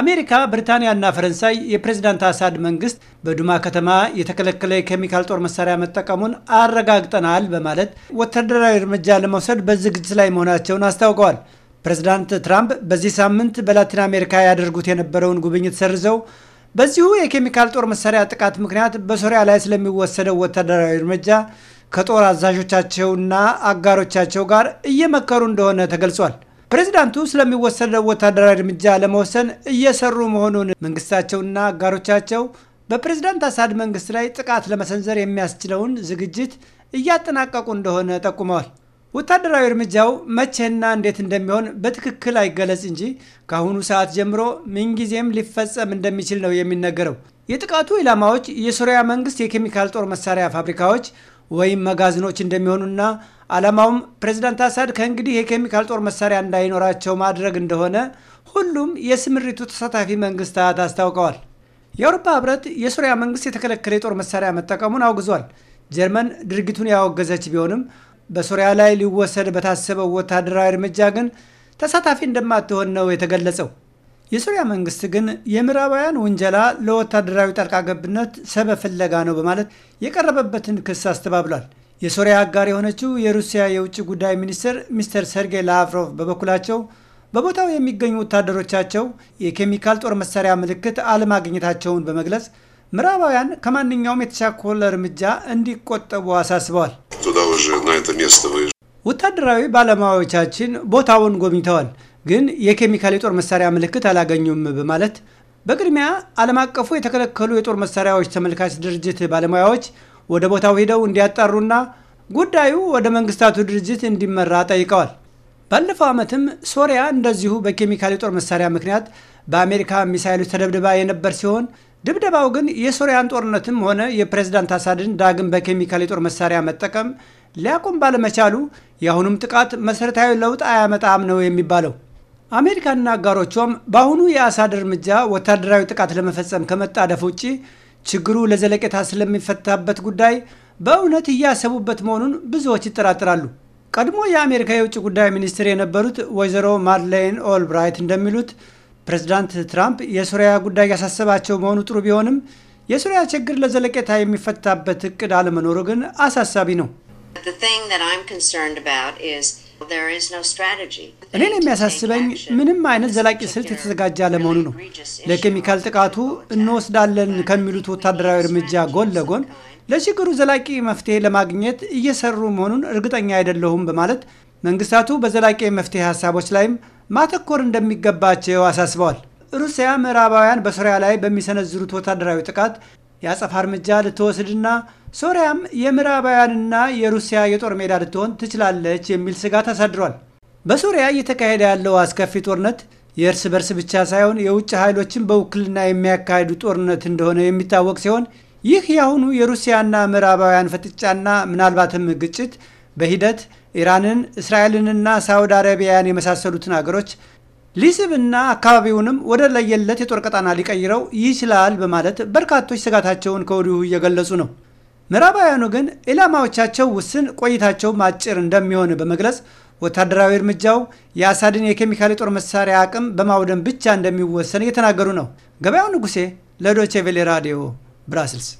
አሜሪካ፣ ብሪታንያና ፈረንሳይ የፕሬዝዳንት አሳድ መንግስት በዱማ ከተማ የተከለከለ የኬሚካል ጦር መሳሪያ መጠቀሙን አረጋግጠናል በማለት ወታደራዊ እርምጃ ለመውሰድ በዝግጅት ላይ መሆናቸውን አስታውቀዋል። ፕሬዚዳንት ትራምፕ በዚህ ሳምንት በላቲን አሜሪካ ያደርጉት የነበረውን ጉብኝት ሰርዘው በዚሁ የኬሚካል ጦር መሳሪያ ጥቃት ምክንያት በሶሪያ ላይ ስለሚወሰደው ወታደራዊ እርምጃ ከጦር አዛዦቻቸውና አጋሮቻቸው ጋር እየመከሩ እንደሆነ ተገልጿል። ፕሬዚዳንቱ ስለሚወሰደው ወታደራዊ እርምጃ ለመወሰን እየሰሩ መሆኑን መንግስታቸውና አጋሮቻቸው በፕሬዝዳንት አሳድ መንግስት ላይ ጥቃት ለመሰንዘር የሚያስችለውን ዝግጅት እያጠናቀቁ እንደሆነ ጠቁመዋል። ወታደራዊ እርምጃው መቼና እንዴት እንደሚሆን በትክክል አይገለጽ እንጂ ከአሁኑ ሰዓት ጀምሮ ምንጊዜም ሊፈጸም እንደሚችል ነው የሚነገረው። የጥቃቱ ኢላማዎች የሱሪያ መንግስት የኬሚካል ጦር መሳሪያ ፋብሪካዎች ወይም መጋዘኖች እንደሚሆኑና ዓላማውም ፕሬዚዳንት አሳድ ከእንግዲህ የኬሚካል ጦር መሳሪያ እንዳይኖራቸው ማድረግ እንደሆነ ሁሉም የስምሪቱ ተሳታፊ መንግስታት አስታውቀዋል። የአውሮፓ ህብረት የሱሪያ መንግስት የተከለከለ የጦር መሳሪያ መጠቀሙን አውግዟል። ጀርመን ድርጊቱን ያወገዘች ቢሆንም በሱሪያ ላይ ሊወሰድ በታሰበው ወታደራዊ እርምጃ ግን ተሳታፊ እንደማትሆን ነው የተገለጸው። የሱሪያ መንግስት ግን የምዕራባውያን ውንጀላ ለወታደራዊ ጣልቃ ገብነት ሰበብ ፍለጋ ነው በማለት የቀረበበትን ክስ አስተባብሏል። የሶሪያ አጋር የሆነችው የሩሲያ የውጭ ጉዳይ ሚኒስትር ሚስተር ሰርጌይ ላቭሮቭ በበኩላቸው በቦታው የሚገኙ ወታደሮቻቸው የኬሚካል ጦር መሳሪያ ምልክት አለማግኘታቸውን በመግለጽ ምዕራባውያን ከማንኛውም የተቻኮለ እርምጃ እንዲቆጠቡ አሳስበዋል። ወታደራዊ ባለሙያዎቻችን ቦታውን ጎብኝተዋል። ግን የኬሚካል የጦር መሳሪያ ምልክት አላገኙም በማለት በቅድሚያ ዓለም አቀፉ የተከለከሉ የጦር መሳሪያዎች ተመልካች ድርጅት ባለሙያዎች ወደ ቦታው ሄደው እንዲያጣሩና ጉዳዩ ወደ መንግስታቱ ድርጅት እንዲመራ ጠይቀዋል። ባለፈው ዓመትም ሶሪያ እንደዚሁ በኬሚካል የጦር መሳሪያ ምክንያት በአሜሪካ ሚሳይሎች ተደብድባ የነበር ሲሆን ድብደባው ግን የሶሪያን ጦርነትም ሆነ የፕሬዝዳንት አሳድን ዳግም በኬሚካል የጦር መሳሪያ መጠቀም ሊያቆም ባለመቻሉ የአሁኑም ጥቃት መሠረታዊ ለውጥ አያመጣም ነው የሚባለው። አሜሪካና አጋሮቿም በአሁኑ የአሳድ እርምጃ ወታደራዊ ጥቃት ለመፈጸም ከመጣደፍ ውጭ ችግሩ ለዘለቄታ ስለሚፈታበት ጉዳይ በእውነት እያሰቡበት መሆኑን ብዙዎች ይጠራጥራሉ። ቀድሞ የአሜሪካ የውጭ ጉዳይ ሚኒስትር የነበሩት ወይዘሮ ማድሌን ኦልብራይት እንደሚሉት ፕሬዚዳንት ትራምፕ የሱሪያ ጉዳይ ያሳሰባቸው መሆኑ ጥሩ ቢሆንም የሱሪያ ችግር ለዘለቄታ የሚፈታበት እቅድ አለመኖሩ ግን አሳሳቢ ነው። እኔን የሚያሳስበኝ ምንም አይነት ዘላቂ ስልት የተዘጋጀ አለመሆኑ ነው። ለኬሚካል ጥቃቱ እንወስዳለን ከሚሉት ወታደራዊ እርምጃ ጎን ለጎን ለችግሩ ዘላቂ መፍትሄ ለማግኘት እየሰሩ መሆኑን እርግጠኛ አይደለሁም በማለት መንግስታቱ በዘላቂ መፍትሄ ሀሳቦች ላይም ማተኮር እንደሚገባቸው አሳስበዋል። ሩሲያ ምዕራባውያን በሶሪያ ላይ በሚሰነዝሩት ወታደራዊ ጥቃት የአጸፋ እርምጃ ልትወስድና ሶሪያም የምዕራባውያንና የሩሲያ የጦር ሜዳ ልትሆን ትችላለች የሚል ስጋት አሳድሯል። በሶሪያ እየተካሄደ ያለው አስከፊ ጦርነት የእርስ በርስ ብቻ ሳይሆን የውጭ ኃይሎችን በውክልና የሚያካሂዱ ጦርነት እንደሆነ የሚታወቅ ሲሆን ይህ የአሁኑ የሩሲያና ምዕራባውያን ፍጥጫና ምናልባትም ግጭት በሂደት ኢራንን፣ እስራኤልንና ሳውዲ አረቢያን የመሳሰሉትን አገሮች ሊስብና አካባቢውንም ወደ ለየለት የጦር ቀጣና ሊቀይረው ይችላል በማለት በርካቶች ስጋታቸውን ከወዲሁ እየገለጹ ነው። ምዕራባውያኑ ግን ኢላማዎቻቸው ውስን፣ ቆይታቸውም አጭር እንደሚሆን በመግለጽ ወታደራዊ እርምጃው የአሳድን የኬሚካል የጦር መሳሪያ አቅም በማውደም ብቻ እንደሚወሰን እየተናገሩ ነው። ገበያው ንጉሴ ለዶቼ ቬሌ ራዲዮ ብራስልስ